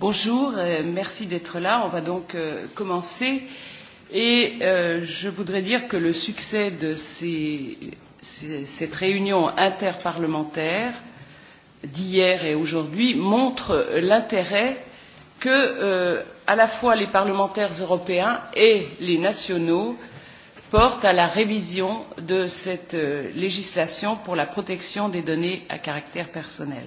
Bonjour, merci d'être là. On va donc commencer. Et je voudrais dire que le succès de cette réunion interparlementaire d'hier et aujourd'hui montre l'intérêt que à la fois les parlementaires européens et les nationaux portent à la révision de cette législation pour la protection des données à caractère personnel.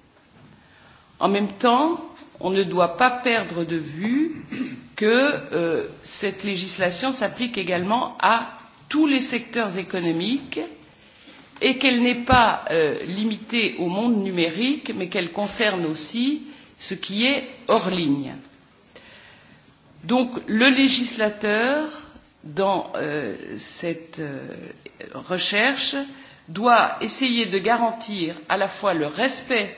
En même temps, on ne doit pas perdre de vue que cette législation s'applique également à tous les secteurs économiques et qu'elle n'est pas limitée au monde numérique, mais qu'elle concerne aussi ce qui est hors ligne. Donc le législateur, dans cette recherche, doit essayer de garantir à la fois le respect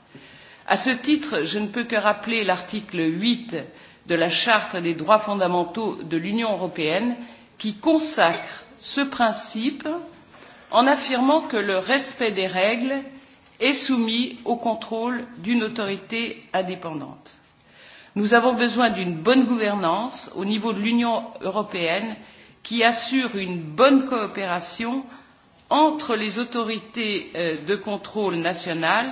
À ce titre, je ne peux que rappeler l'article 8 de la Charte des droits fondamentaux de l'Union européenne qui consacre ce principe en affirmant que le respect des règles est soumis au contrôle d'une autorité indépendante. Nous avons besoin d'une bonne gouvernance au niveau de l'Union européenne qui assure une bonne coopération entre les autorités de contrôle nationales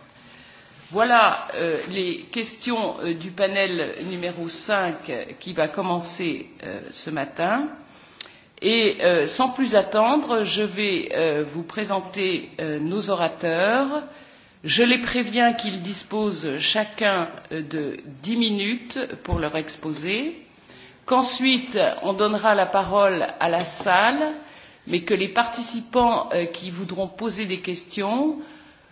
Voilà les questions du panel numéro 5 qui va commencer ce matin. Et sans plus attendre, je vais vous présenter nos orateurs. Je les préviens qu'ils disposent chacun de 10 minutes pour leur exposer, qu'ensuite on donnera la parole à la salle, mais que les participants qui voudront poser des questions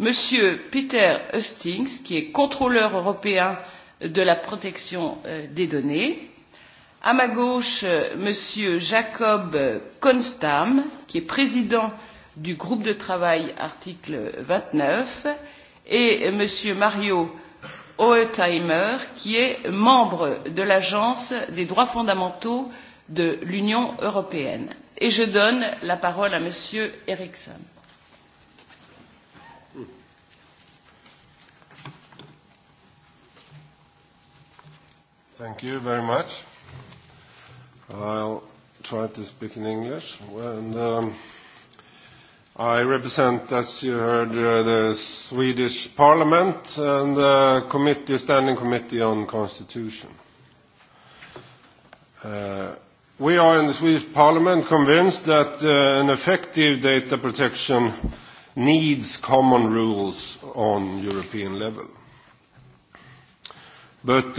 M. Peter Hustings, qui est contrôleur européen de la protection des données. À ma gauche, M. Jacob Konstam, qui est président du groupe de travail article vingt neuf, et M. Mario Oetheimer, qui est membre de l'Agence des droits fondamentaux de l'Union européenne. Et je donne la parole à M. Eriksson. Thank you very much. I'll try to speak in English. And, I represent, as you heard, the Swedish Parliament and the committee, Standing Committee on Constitution. We are in the Swedish Parliament convinced that an effective data protection needs common rules on European level. But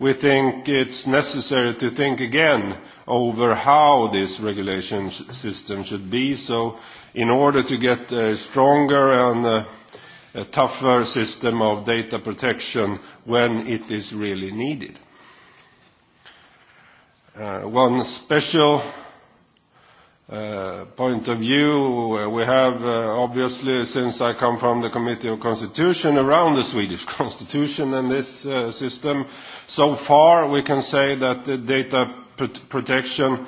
we think it's necessary to think again over how this regulation system should be. So in order to get a stronger and a tougher system of data protection when it is really needed. One special point of view we have, obviously, since I come from the Committee of Constitution, around the Swedish Constitution and this system, So far, we can say that the data protection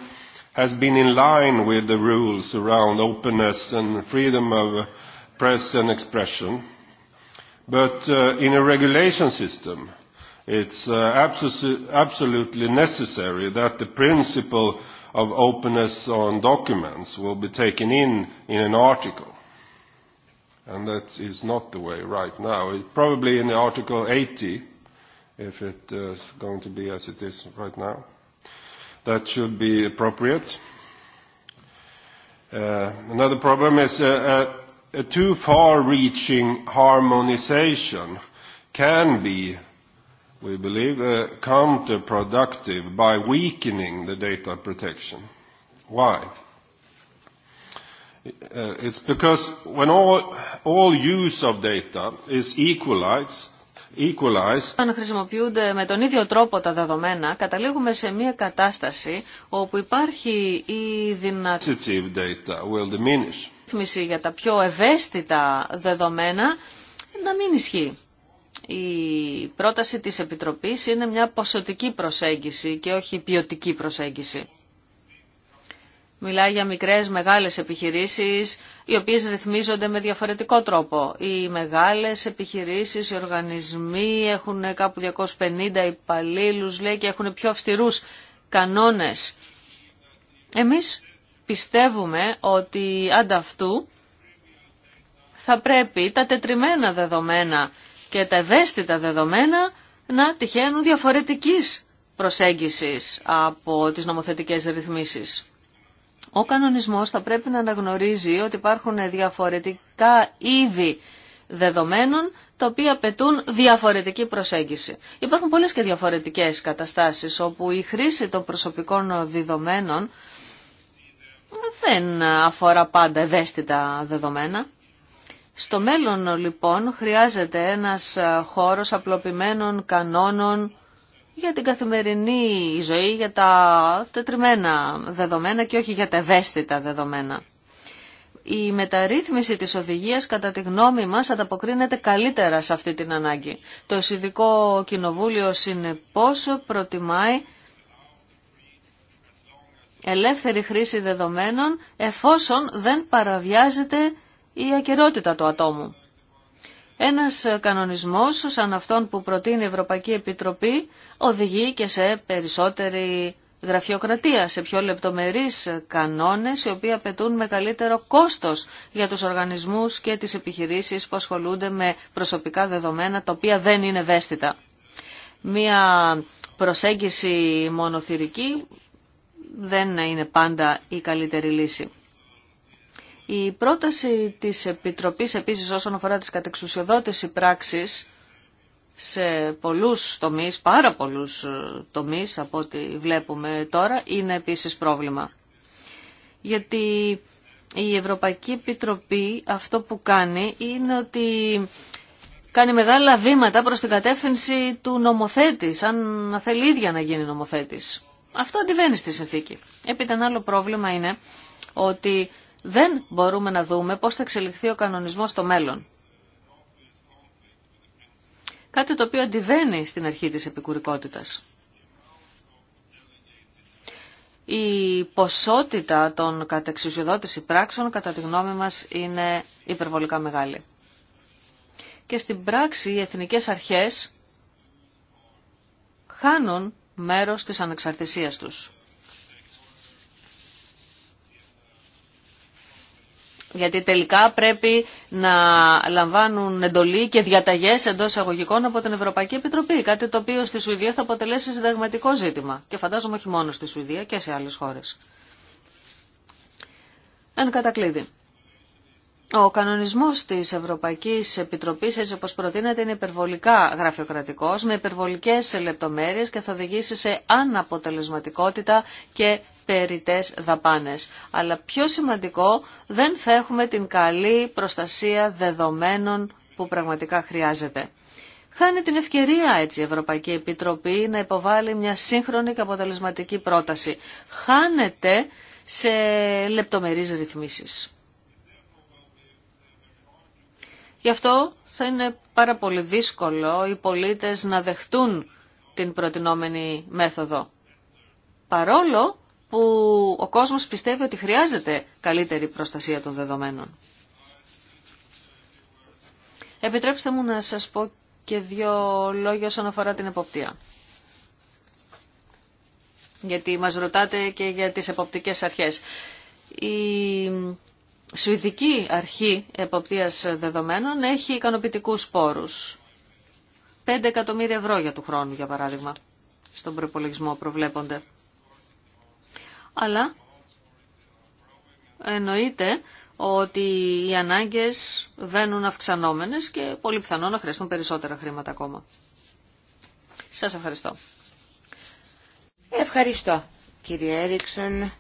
has been in line with the rules around openness and freedom of press and expression. But in a regulation system, it's absolutely necessary that the principle of openness on documents will be taken in in an article. And that is not the way right now. Probably in Article 80 if it is going to be as it is right now. That should be appropriate. Another problem is a too far-reaching harmonization can be, we believe, counterproductive by weakening the data protection. Why? It's because when all use of data is equalized, όταν Αν χρησιμοποιούνται με τον ίδιο τρόπο τα δεδομένα, καταλήγουμε σε μια κατάσταση όπου υπάρχει η δυνατότητα για τα πιο ευαίσθητα δεδομένα να μην ισχύει. Η πρόταση της Επιτροπής είναι μια ποσοτική προσέγγιση και όχι ποιοτική προσέγγιση. Μιλάει για μικρές, μεγάλες επιχειρήσεις, οι οποίες ρυθμίζονται με διαφορετικό τρόπο. Οι μεγάλες επιχειρήσεις, οι οργανισμοί έχουν κάπου 250 υπαλλήλους, λέει, και έχουν πιο αυστηρούς κανόνες. Εμείς πιστεύουμε ότι ανταυτού θα πρέπει τα τετριμένα δεδομένα και τα ευαίσθητα δεδομένα να τυχαίνουν διαφορετικής προσέγγισης από τις νομοθετικές ρυθμίσεις. Ο κανονισμός θα πρέπει να αναγνωρίζει ότι υπάρχουν διαφορετικά είδη δεδομένων τα οποία απαιτούν διαφορετική προσέγγιση. Υπάρχουν πολλές και διαφορετικές καταστάσεις όπου η χρήση των προσωπικών δεδομένων δεν αφορά πάντα ευαίσθητα δεδομένα. Στο μέλλον λοιπόν χρειάζεται ένας χώρος απλοποιημένων κανόνων για την καθημερινή ζωή, για τα τετριμένα δεδομένα και όχι για τα ευαίσθητα δεδομένα. Η μεταρρύθμιση της οδηγίας κατά τη γνώμη μας ανταποκρίνεται καλύτερα σε αυτή την ανάγκη. Το Συνδικό Κοινοβούλιο συνεπώς προτιμάει ελεύθερη χρήση δεδομένων εφόσον δεν παραβιάζεται η ακαιρότητα του ατόμου. Ένας κανονισμός σαν αυτόν που προτείνει η Ευρωπαϊκή Επιτροπή οδηγεί και σε περισσότερη γραφειοκρατία, σε πιο λεπτομερείς κανόνες οι οποίοι απαιτούν μεγαλύτερο κόστος για τους οργανισμούς και τις επιχειρήσεις που ασχολούνται με προσωπικά δεδομένα τα οποία δεν είναι ευαίσθητα. Μία προσέγγιση μονοθυρική δεν είναι πάντα η καλύτερη λύση. Η πρόταση της Επιτροπής επίσης όσον αφορά τις κατεξουσιοδότηση πράξης σε πολλούς τομείς, πάρα πολλούς ε, τομείς από ό,τι βλέπουμε τώρα, είναι επίσης πρόβλημα. Γιατί η Ευρωπαϊκή Επιτροπή αυτό που κάνει είναι ότι κάνει μεγάλα βήματα προς την κατεύθυνση του νομοθέτη, αν θέλει ίδια να γίνει νομοθέτης. Αυτό αντιβαίνει στη συνθήκη. Έπειτα ένα άλλο πρόβλημα είναι ότι δεν μπορούμε να δούμε πώς θα εξελιχθεί ο κανονισμός στο μέλλον. Κάτι το οποίο αντιβαίνει στην αρχή της επικουρικότητας. Η ποσότητα των κατεξουσιοδότηση πράξεων, κατά τη γνώμη μας, είναι υπερβολικά μεγάλη. Και στην πράξη οι εθνικές αρχές χάνουν μέρος της ανεξαρτησίας τους. Γιατί τελικά πρέπει να λαμβάνουν εντολή και διαταγές εντό αγωγικών από την Ευρωπαϊκή Επιτροπή. Κάτι το οποίο στη Σουηδία θα αποτελέσει συνταγματικό ζήτημα. Και φαντάζομαι όχι μόνο στη Σουηδία και σε άλλε χώρε. Ένα κατακλείδη. Ο κανονισμός της Ευρωπαϊκής Επιτροπής, έτσι όπω προτείνεται, είναι υπερβολικά γραφειοκρατικό, με υπερβολικέ λεπτομέρειε και θα οδηγήσει σε αναποτελεσματικότητα και περιτές δαπάνες. Αλλά πιο σημαντικό δεν θα έχουμε την καλή προστασία δεδομένων που πραγματικά χρειάζεται. Χάνει την ευκαιρία έτσι η Ευρωπαϊκή Επιτροπή να υποβάλει μια σύγχρονη και αποτελεσματική πρόταση. Χάνεται σε λεπτομερείς ρυθμίσεις. Γι' αυτό θα είναι πάρα πολύ δύσκολο οι πολίτες να δεχτούν την προτινόμενη μέθοδο. Παρόλο που ο κόσμος πιστεύει ότι χρειάζεται καλύτερη προστασία των δεδομένων. Επιτρέψτε μου να σας πω και δύο λόγια όσον αφορά την εποπτεία. Γιατί μας ρωτάτε και για τις εποπτικές αρχές. Η Σουηδική Αρχή Εποπτείας Δεδομένων έχει ικανοποιητικούς πόρους. 5 εκατομμύρια ευρώ για του χρόνου, για παράδειγμα, στον προπολογισμό προβλέπονται αλλά εννοείται ότι οι ανάγκες βαίνουν αυξανόμενες και πολύ πιθανό να χρειαστούν περισσότερα χρήματα ακόμα. Σας ευχαριστώ. Ευχαριστώ κύριε Έριξον.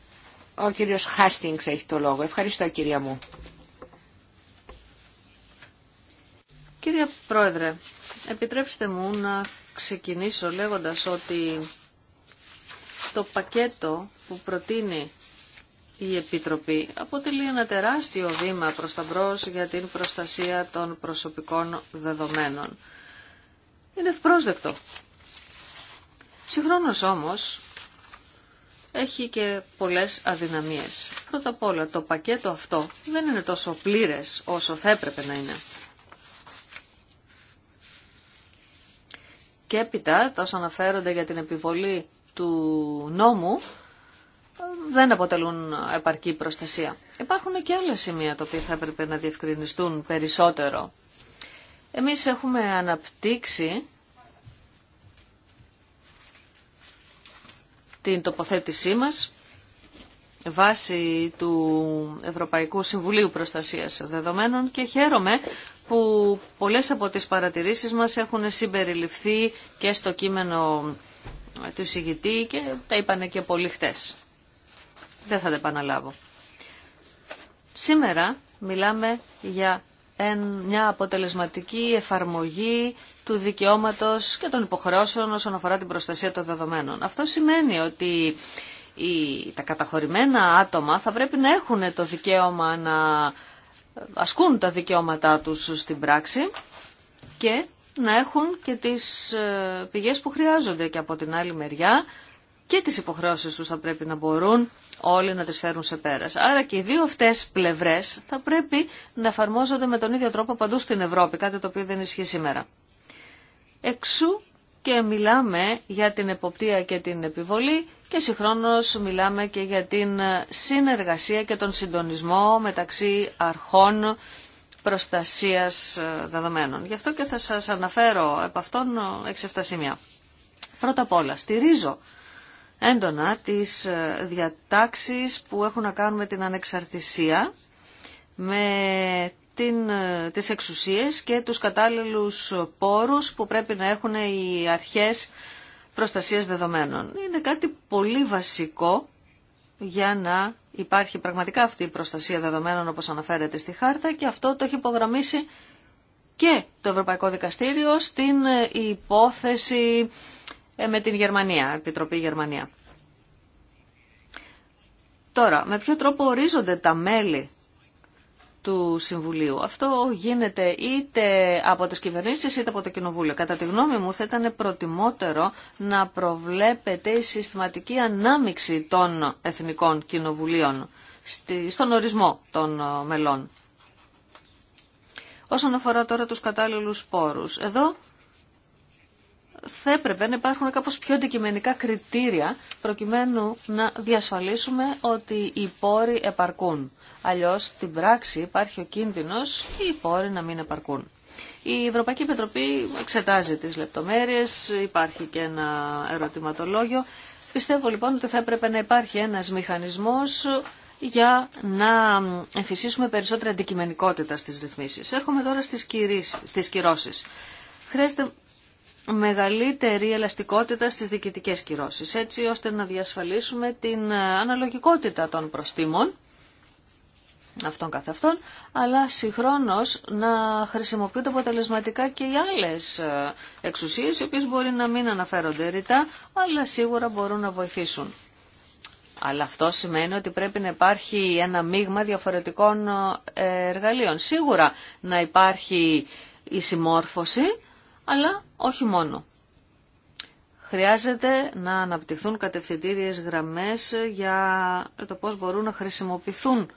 Ο κύριος Χάστινγκς έχει το λόγο. Ευχαριστώ κυρία μου. Κύριε Πρόεδρε, επιτρέψτε μου να ξεκινήσω λέγοντας ότι το πακέτο που προτείνει η Επιτροπή αποτελεί ένα τεράστιο βήμα προς τα μπρος για την προστασία των προσωπικών δεδομένων. Είναι ευπρόσδεκτο. Συγχρόνως όμως έχει και πολλές αδυναμίες. Πρώτα απ' όλα το πακέτο αυτό δεν είναι τόσο πλήρες όσο θα έπρεπε να είναι. Και έπειτα, τόσο αναφέρονται για την επιβολή του νόμου δεν αποτελούν επαρκή προστασία. Υπάρχουν και άλλα σημεία τα οποία θα έπρεπε να διευκρινιστούν περισσότερο. Εμείς έχουμε αναπτύξει την τοποθέτησή μας βάσει του Ευρωπαϊκού Συμβουλίου Προστασίας Δεδομένων και χαίρομαι που πολλές από τις παρατηρήσεις μας έχουν συμπεριληφθεί και στο κείμενο του εισηγητή και τα είπανε και πολλοί χτες. Δεν θα τα επαναλάβω. Σήμερα μιλάμε για μια αποτελεσματική εφαρμογή του δικαιώματος και των υποχρεώσεων όσον αφορά την προστασία των δεδομένων. Αυτό σημαίνει ότι τα καταχωρημένα άτομα θα πρέπει να έχουν το δικαίωμα να ε, ασκούν τα δικαιώματά τους στην πράξη και να έχουν και τις ε, πηγές που χρειάζονται και από την άλλη μεριά και τις υποχρεώσεις τους θα πρέπει να μπορούν όλοι να τις φέρουν σε πέρας. Άρα και οι δύο αυτές πλευρές θα πρέπει να εφαρμόζονται με τον ίδιο τρόπο παντού στην Ευρώπη, κάτι το οποίο δεν ισχύει σήμερα. Εξού και μιλάμε για την εποπτεία και την επιβολή και συγχρόνως μιλάμε και για την συνεργασία και τον συντονισμό μεταξύ αρχών προστασίας ε, δεδομένων. Γι' αυτό και θα σας αναφέρω από αυτόν 6-7 ε, σημεία. Πρώτα απ' όλα, στηρίζω έντονα τις ε, διατάξεις που έχουν να κάνουν με την ανεξαρτησία, με την, τις εξουσίες και τους κατάλληλους πόρους που πρέπει να έχουν οι αρχές προστασίας δεδομένων. Είναι κάτι πολύ βασικό για να υπάρχει πραγματικά αυτή η προστασία δεδομένων όπως αναφέρεται στη χάρτα και αυτό το έχει υπογραμμίσει και το Ευρωπαϊκό Δικαστήριο στην ε, υπόθεση ε, με την Γερμανία, Επιτροπή Γερμανία. Τώρα, με ποιο τρόπο ορίζονται τα μέλη του Συμβουλίου. Αυτό γίνεται είτε από τις κυβερνήσεις είτε από το Κοινοβούλιο. Κατά τη γνώμη μου θα ήταν προτιμότερο να προβλέπεται η συστηματική ανάμιξη των εθνικών κοινοβουλίων στον ορισμό των ε, μελών. Όσον αφορά τώρα τους κατάλληλους πόρους, εδώ θα έπρεπε να υπάρχουν κάπως πιο αντικειμενικά κριτήρια προκειμένου να διασφαλίσουμε ότι οι πόροι επαρκούν. Αλλιώς στην πράξη υπάρχει ο κίνδυνος οι πόροι να μην επαρκούν. Η Ευρωπαϊκή Επιτροπή εξετάζει τις λεπτομέρειες, υπάρχει και ένα ερωτηματολόγιο. Πιστεύω λοιπόν ότι θα έπρεπε να υπάρχει ένας μηχανισμός για να εμφυσίσουμε περισσότερη αντικειμενικότητα στις ρυθμίσεις. Έρχομαι τώρα στις, κυρίσεις, στις κυρώσεις. Χρειάζεται μεγαλύτερη ελαστικότητα στις διοικητικές κυρώσεις, έτσι ώστε να διασφαλίσουμε την αναλογικότητα των προστήμων αυτών καθ' αλλά συγχρόνως να χρησιμοποιούνται αποτελεσματικά και οι άλλες ε, εξουσίες, οι οποίες μπορεί να μην αναφέρονται ρητά, αλλά σίγουρα μπορούν να βοηθήσουν. Αλλά αυτό σημαίνει ότι πρέπει να υπάρχει ένα μείγμα διαφορετικών ε, εργαλείων. Σίγουρα να υπάρχει η συμμόρφωση, αλλά όχι μόνο. Χρειάζεται να αναπτυχθούν κατευθυντήριες γραμμές για το πώς μπορούν να χρησιμοποιηθούν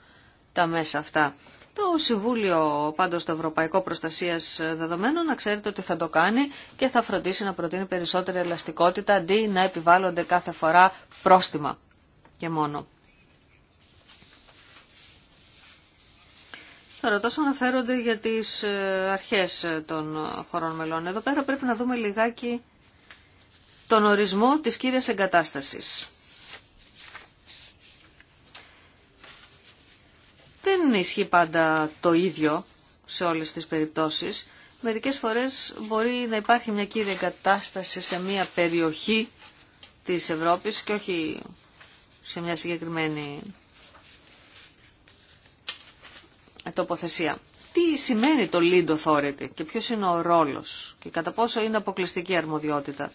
τα μέσα αυτά. Το Συμβούλιο πάντως το Ευρωπαϊκό Προστασίας Δεδομένων να ξέρετε ότι θα το κάνει και θα φροντίσει να προτείνει περισσότερη ελαστικότητα αντί να επιβάλλονται κάθε φορά πρόστιμα και μόνο. Τώρα τόσο αναφέρονται για τις ε, αρχές των χωρών μελών. Εδώ πέρα πρέπει να δούμε λιγάκι τον ορισμό της κύριας εγκατάστασης. δεν ισχύει πάντα το ίδιο σε όλες τις περιπτώσεις. Μερικές φορές μπορεί να υπάρχει μια κύρια εγκατάσταση σε μια περιοχή της Ευρώπης και όχι σε μια συγκεκριμένη τοποθεσία. Τι σημαίνει το lead authority και ποιος είναι ο ρόλος και κατά πόσο είναι αποκλειστική αρμοδιότητα.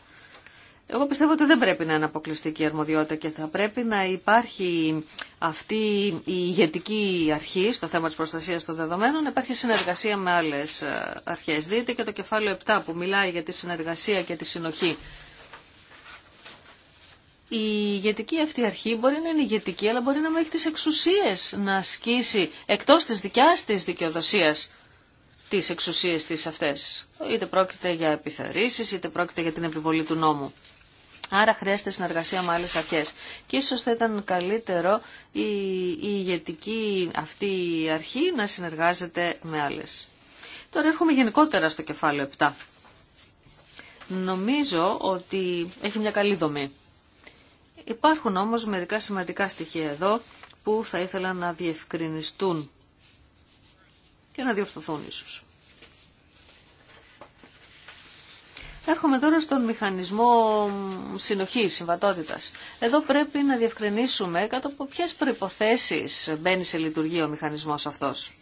Εγώ πιστεύω ότι δεν πρέπει να είναι αποκλειστική αρμοδιότητα και θα πρέπει να υπάρχει αυτή η ηγετική αρχή στο θέμα της προστασίας των δεδομένων, να υπάρχει συνεργασία με άλλες ε, αρχές. Δείτε και το κεφάλαιο 7 που μιλάει για τη συνεργασία και τη συνοχή. Η ηγετική αυτή αρχή μπορεί να είναι ηγετική, αλλά μπορεί να μην έχει τις εξουσίες να ασκήσει εκτός της δικιάς της δικαιοδοσίας τις εξουσίες της αυτές. Είτε πρόκειται για επιθερήσεις είτε πρόκειται για την επιβολή του νόμου. Άρα χρειάζεται συνεργασία με άλλες αρχέ. Και ίσως θα ήταν καλύτερο η, η ηγετική αυτή αρχή να συνεργάζεται με άλλες. Τώρα έρχομαι γενικότερα στο κεφάλαιο 7. Νομίζω ότι έχει μια καλή δομή. Υπάρχουν όμως μερικά σημαντικά στοιχεία εδώ που θα ήθελα να διευκρινιστούν και να διορθωθούν ίσως. Έρχομαι τώρα στον μηχανισμό συνοχή συμβατότητα. Εδώ πρέπει να διευκρινίσουμε κάτω από ποιες προϋποθέσεις μπαίνει σε λειτουργία ο μηχανισμός αυτός.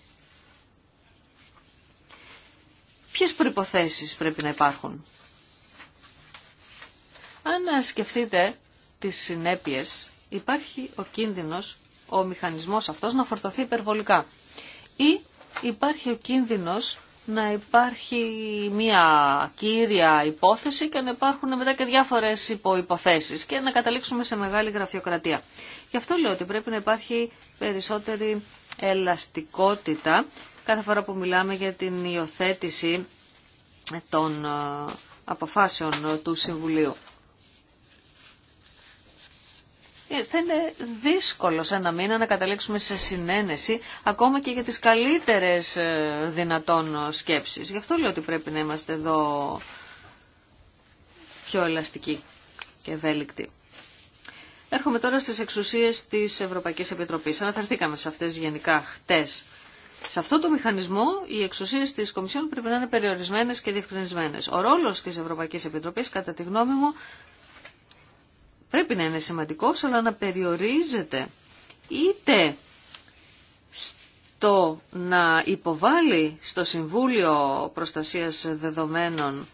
Ποιε προϋποθέσεις πρέπει να υπάρχουν. Αν σκεφτείτε τις συνέπειες, υπάρχει ο κίνδυνος ο μηχανισμός αυτός να φορτωθεί υπερβολικά. Ή υπάρχει ο κίνδυνος να υπάρχει μία κύρια υπόθεση και να υπάρχουν μετά και διάφορες υποϋποθέσεις και να καταλήξουμε σε μεγάλη γραφειοκρατία. Γι' αυτό λέω ότι πρέπει να υπάρχει περισσότερη ελαστικότητα κάθε φορά που μιλάμε για την υιοθέτηση των ε, αποφάσεων του Συμβουλίου. Ε, θα είναι δύσκολο σε ένα μήνα να καταλήξουμε σε συνένεση ακόμα και για τις καλύτερες ε, δυνατόν σκέψεις. Γι' αυτό λέω ότι πρέπει να είμαστε εδώ πιο ελαστικοί και ευέλικτοι. Έρχομαι τώρα στις εξουσίες της Ευρωπαϊκής Επιτροπής. Αναφερθήκαμε σε αυτές γενικά χτες. Σε αυτό το μηχανισμό οι εξουσίε τη Κομισιόν πρέπει να είναι περιορισμένε και διευκρινισμένε. Ο ρόλο τη Ευρωπαϊκή Επιτροπή, κατά τη γνώμη μου, πρέπει να είναι σημαντικό αλλά να περιορίζεται είτε το να υποβάλει στο Συμβούλιο Προστασίας Δεδομένων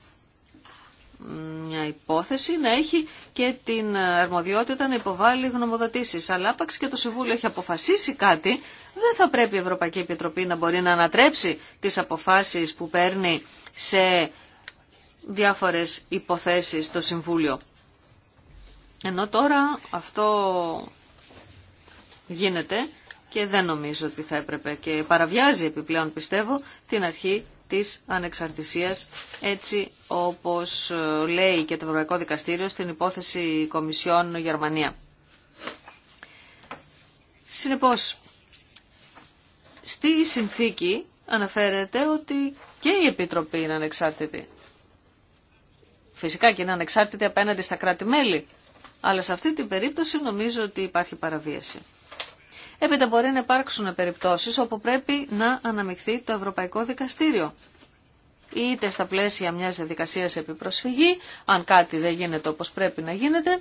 μια υπόθεση, να έχει και την αρμοδιότητα να υποβάλει γνωμοδοτήσεις. Αλλά άπαξ και το Συμβούλιο έχει αποφασίσει κάτι, δεν θα πρέπει η Ευρωπαϊκή Επιτροπή να μπορεί να ανατρέψει τις αποφάσεις που παίρνει σε διάφορες υποθέσεις στο Συμβούλιο. Ενώ τώρα αυτό γίνεται και δεν νομίζω ότι θα έπρεπε και παραβιάζει επιπλέον πιστεύω την αρχή της ανεξαρτησίας έτσι όπως λέει και το Ευρωπαϊκό Δικαστήριο στην υπόθεση Κομισιόν Γερμανία. Συνεπώς, στη συνθήκη αναφέρεται ότι και η Επιτροπή είναι ανεξάρτητη. Φυσικά και είναι ανεξάρτητη απέναντι στα κράτη-μέλη. Αλλά σε αυτή την περίπτωση νομίζω ότι υπάρχει παραβίαση. Έπειτα μπορεί να υπάρξουν περιπτώσεις όπου πρέπει να αναμειχθεί το Ευρωπαϊκό Δικαστήριο. Είτε στα πλαίσια μιας διαδικασίας επιπροσφυγή, αν κάτι δεν γίνεται όπως πρέπει να γίνεται,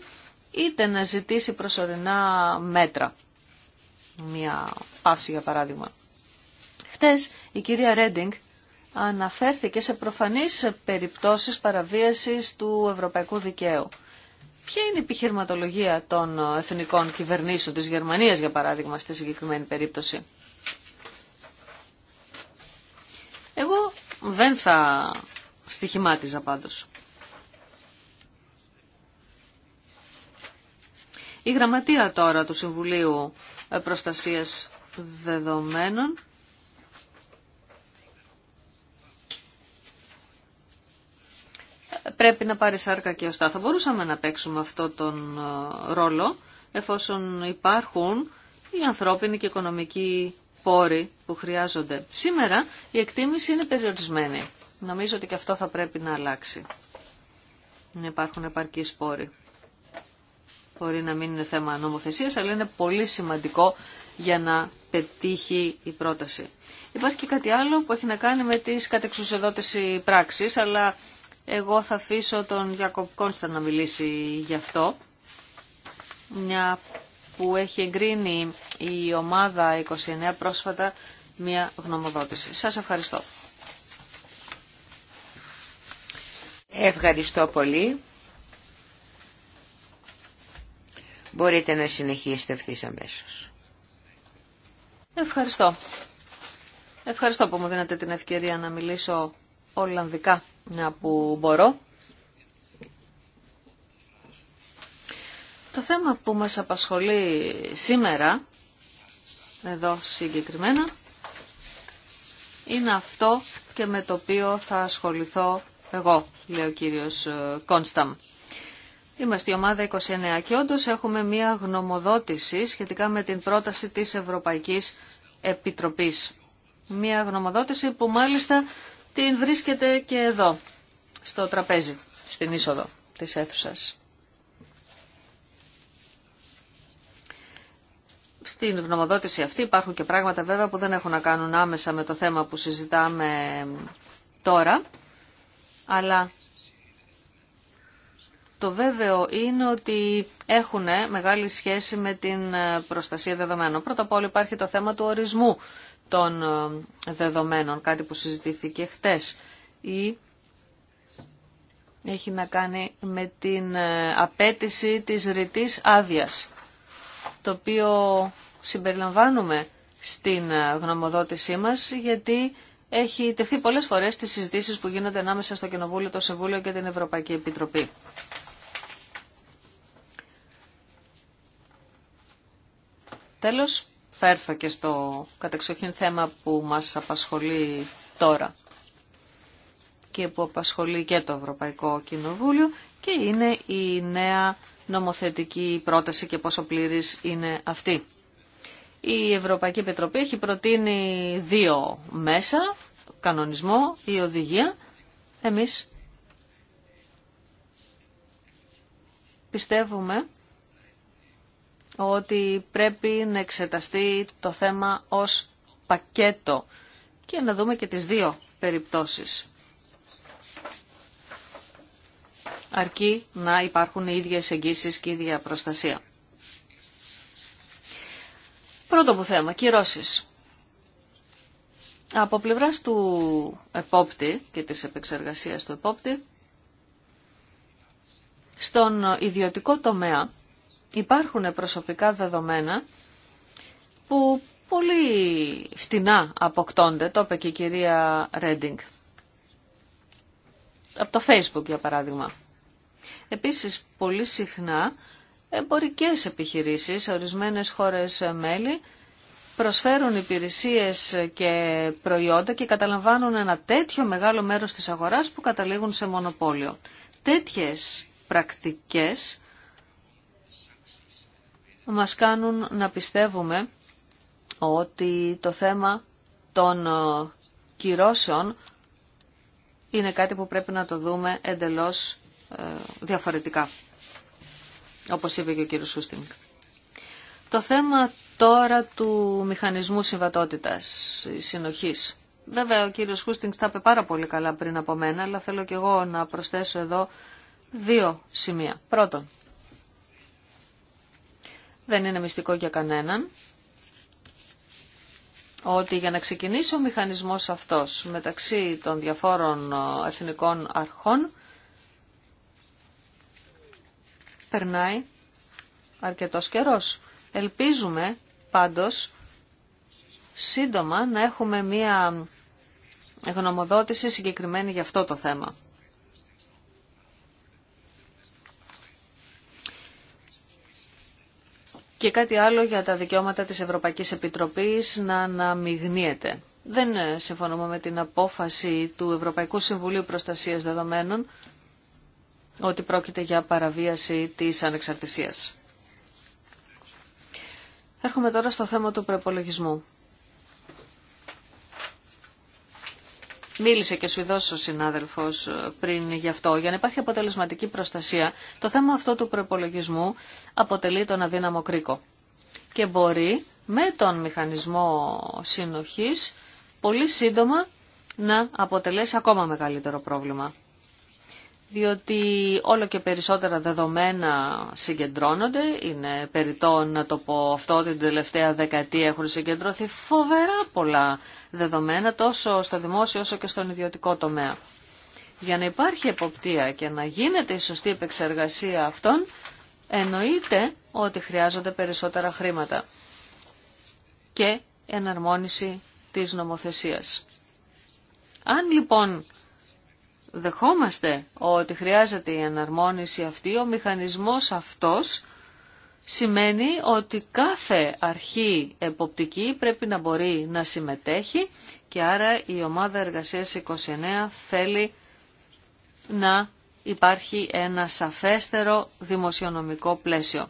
είτε να ζητήσει προσωρινά μέτρα. Μια παύση για παράδειγμα. Χτες η κυρία Ρέντινγκ αναφέρθηκε σε προφανείς περιπτώσεις παραβίασης του ευρωπαϊκού δικαίου. Ποια είναι η επιχειρηματολογία των ε, εθνικών κυβερνήσεων της Γερμανίας, για παράδειγμα, στη συγκεκριμένη περίπτωση. Εγώ δεν θα στοιχημάτιζα πάντως. Η γραμματεία τώρα του Συμβουλίου ε, Προστασίας Δεδομένων πρέπει να πάρει σάρκα και οστά. Θα μπορούσαμε να παίξουμε αυτό τον ε, ρόλο εφόσον υπάρχουν οι ανθρώπινοι και οικονομικοί πόροι που χρειάζονται. Σήμερα η εκτίμηση είναι περιορισμένη. Νομίζω ότι και αυτό θα πρέπει να αλλάξει. Να υπάρχουν επαρκείς πόροι. Μπορεί να μην είναι θέμα νομοθεσίας, αλλά είναι πολύ σημαντικό για να πετύχει η πρόταση. Υπάρχει και κάτι άλλο που έχει να κάνει με τις κατεξουσιοδότηση πράξεις, αλλά εγώ θα αφήσω τον Γιακοπ Κόνστα να μιλήσει γι' αυτό. Μια που έχει εγκρίνει η ομάδα 29 πρόσφατα μια γνωμοδότηση. Σας ευχαριστώ. Ευχαριστώ πολύ. Μπορείτε να συνεχίσετε ευθύς αμέσως. Ευχαριστώ. Ευχαριστώ που μου δίνατε την ευκαιρία να μιλήσω Ολλανδικά, να που μπορώ. Το θέμα που μας απασχολεί σήμερα, εδώ συγκεκριμένα, είναι αυτό και με το οποίο θα ασχοληθώ εγώ, λέει ο κύριος ε, Κόνσταμ. Είμαστε η ομάδα 29 και έχουμε μία γνωμοδότηση σχετικά με την πρόταση της Ευρωπαϊκής Επιτροπής. Μία γνωμοδότηση που μάλιστα την βρίσκεται και εδώ, στο τραπέζι, στην είσοδο της αίθουσας. Στην γνωμοδότηση αυτή υπάρχουν και πράγματα βέβαια που δεν έχουν να κάνουν άμεσα με το θέμα που συζητάμε τώρα, αλλά το βέβαιο είναι ότι έχουν μεγάλη σχέση με την ε, προστασία δεδομένων. Πρώτα απ' όλα υπάρχει το θέμα του ορισμού των ε, δεδομένων, κάτι που συζητήθηκε χτες, ή έχει να κάνει με την ε, απέτηση της ρητής άδειας, το οποίο συμπεριλαμβάνουμε στην ε, γνωμοδότησή μας, γιατί έχει τεθεί πολλές φορές στις συζητήσεις που γίνονται ανάμεσα στο Κοινοβούλιο, το Συμβούλιο και την Ευρωπαϊκή Επιτροπή. Τέλος, θα έρθω και στο κατεξοχήν θέμα που μας απασχολεί τώρα και που απασχολεί και το Ευρωπαϊκό Κοινοβούλιο και είναι η νέα νομοθετική πρόταση και πόσο πλήρης είναι αυτή. Η Ευρωπαϊκή Επιτροπή έχει προτείνει δύο μέσα, κανονισμό ή οδηγία. Εμείς πιστεύουμε ότι πρέπει να εξεταστεί το θέμα ως πακέτο και να δούμε και τις δύο περιπτώσεις. Αρκεί να υπάρχουν οι ίδιες εγγύσεις και η ίδια προστασία. Πρώτο που θέμα, κυρώσεις. Από πλευράς του επόπτη και της επεξεργασίας του επόπτη, στον ιδιωτικό τομέα υπάρχουν προσωπικά δεδομένα που πολύ φτηνά αποκτώνται, το είπε και η κυρία Ρέντινγκ. Από το Facebook, για παράδειγμα. Επίσης, πολύ συχνά, εμπορικές επιχειρήσεις ορισμένες χώρες μέλη προσφέρουν υπηρεσίες και προϊόντα και καταλαμβάνουν ένα τέτοιο μεγάλο μέρος της αγοράς που καταλήγουν σε μονοπόλιο. Τέτοιες πρακτικές μας κάνουν να πιστεύουμε ότι το θέμα των ε, κυρώσεων είναι κάτι που πρέπει να το δούμε εντελώς ε, διαφορετικά, όπως είπε και ο κύριος Σούστινγκ. Το θέμα τώρα του μηχανισμού συμβατότητας, συνοχής. Βέβαια, ο κύριος Χούστινγκ τα είπε πάρα πολύ καλά πριν από μένα, αλλά θέλω και εγώ να προσθέσω εδώ δύο σημεία. Πρώτον, δεν είναι μυστικό για κανέναν ότι για να ξεκινήσει ο μηχανισμός αυτός μεταξύ των διαφόρων ε, εθνικών αρχών περνάει αρκετός καιρός. Ελπίζουμε πάντως σύντομα να έχουμε μία γνωμοδότηση συγκεκριμένη για αυτό το θέμα. και κάτι άλλο για τα δικαιώματα της Ευρωπαϊκής Επιτροπής να αναμειγνύεται. Δεν ε, συμφωνούμε με την απόφαση του Ευρωπαϊκού Συμβουλίου Προστασίας Δεδομένων ότι πρόκειται για παραβίαση της ανεξαρτησίας. Έρχομαι τώρα στο θέμα του προπολογισμού. Μίλησε και σου Σουηδό ο συνάδελφος ε, πριν γι' αυτό. Για να υπάρχει αποτελεσματική προστασία, το θέμα αυτό του προπολογισμού αποτελεί τον αδύναμο κρίκο. Και μπορεί με τον μηχανισμό συνοχής πολύ σύντομα να αποτελέσει ακόμα μεγαλύτερο πρόβλημα διότι όλο και περισσότερα δεδομένα συγκεντρώνονται, είναι περιττό να το πω αυτό, ότι την τελευταία δεκαετία έχουν συγκεντρωθεί φοβερά πολλά δεδομένα τόσο στο δημόσιο όσο και στον ιδιωτικό τομέα. Για να υπάρχει εποπτεία και να γίνεται η σωστή επεξεργασία αυτών, εννοείται ότι χρειάζονται περισσότερα χρήματα και εναρμόνιση της νομοθεσίας. Αν λοιπόν δεχόμαστε ότι χρειάζεται η εναρμόνιση αυτή, ο μηχανισμός αυτός σημαίνει ότι κάθε αρχή εποπτική πρέπει να μπορεί να συμμετέχει και άρα η ομάδα εργασίας 29 θέλει να υπάρχει ένα σαφέστερο δημοσιονομικό πλαίσιο,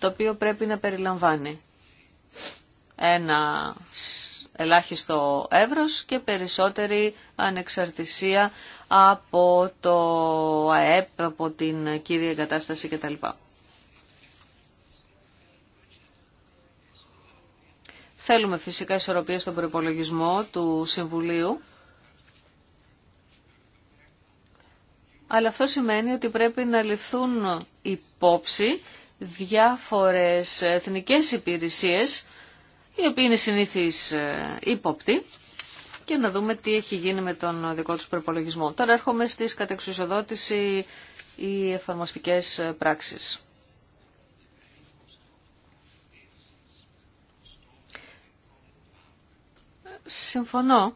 το οποίο πρέπει να περιλαμβάνει ένα ελάχιστο εύρος και περισσότερη ανεξαρτησία από το ΑΕΠ, από την κύρια εγκατάσταση κτλ. Θέλουμε φυσικά ισορροπία στον προπολογισμό του Συμβουλίου. Αλλά αυτό σημαίνει ότι πρέπει να ληφθούν υπόψη διάφορες εθνικές υπηρεσίες οι οποίοι είναι συνήθις ε, ύποπτοι και να δούμε τι έχει γίνει με τον δικό τους προπολογισμό. Τώρα έρχομαι στις κατεξουσιοδότηση ή εφαρμοστικές ε, πράξεις. Συμφωνώ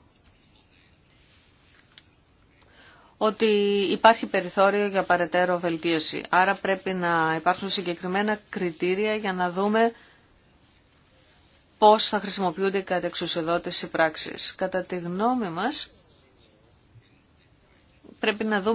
ότι υπάρχει περιθώριο για παρετέρω βελτίωση. Άρα πρέπει να υπάρξουν συγκεκριμένα κριτήρια για να δούμε πώς θα χρησιμοποιούνται κατά εξουσιοδότηση πράξεις. Κατά τη γνώμη μας, πρέπει να δούμε